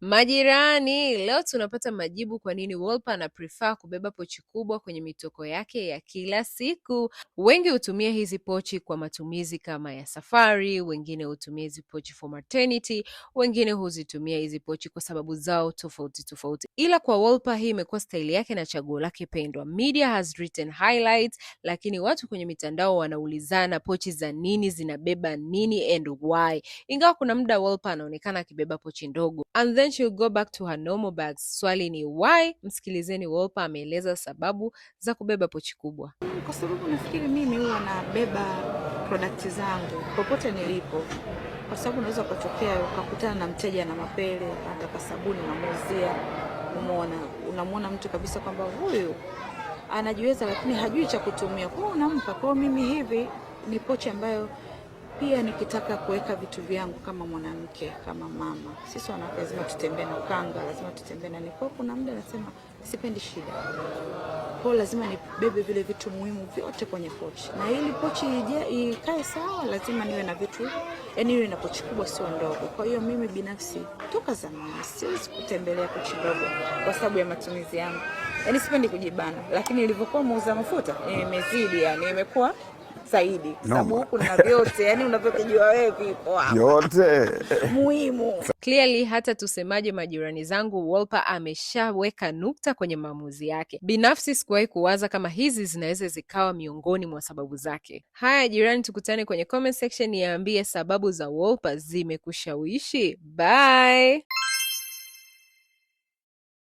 Majirani, leo tunapata majibu kwa nini Wolper ana prefer kubeba pochi kubwa kwenye mitoko yake ya kila siku. Wengi hutumia hizi pochi kwa matumizi kama ya safari, wengine hutumia hizi pochi for maternity, wengine huzitumia hizi pochi kwa sababu zao tofauti tofauti, ila kwa Wolper hii imekuwa staili yake na chaguo lake pendwa. Media has written highlights, lakini watu kwenye mitandao wanaulizana pochi za nini, zinabeba nini and why, ingawa kuna muda Wolper anaonekana akibeba pochi ndogo and then then she'll go back to her normal bags. Swali ni why? Msikilizeni Wolper ameeleza sababu za kubeba pochi kubwa. Kwa sababu nafikiri mimi huwa nabeba product zangu popote nilipo, kwa sababu unaweza ukatokea ukakutana na mteja na mapele, kwa sabuni, namuuzia Umeona, unamwona mtu kabisa kwamba huyu anajiweza, lakini hajui cha kutumia, kwa hiyo unampa. Kwa hiyo mimi hivi ni pochi ambayo pia nikitaka kuweka vitu vyangu kama mwanamke, kama mama, sisi wanawake lazima tutembee na ukanga, lazima tutembee na niko. Kuna muda nasema sipendi shida, kwa lazima nibebe vile vitu muhimu vyote kwenye pochi, na ili pochi ikae sawa, lazima niwe na vitu, yani niwe na pochi kubwa, sio ndogo. Kwa hiyo mimi binafsi toka zamani siwezi kutembelea pochi ndogo kwa sababu ya matumizi yangu, yani sipendi kujibana, lakini ilivyokuwa muuza mafuta imezidi, yani imekuwa zaidi kwa sababu huku na vyote yani unavyokijua wewe vipo hapa. Vyote. Muhimu. Clearly hata tusemaje, majirani zangu, Wolper ameshaweka nukta kwenye maamuzi yake. Binafsi sikuwahi kuwaza kama hizi zinaweza zikawa miongoni mwa sababu zake. Haya jirani, tukutane kwenye comment section, niambie sababu za Wolper zimekushawishi. Bye.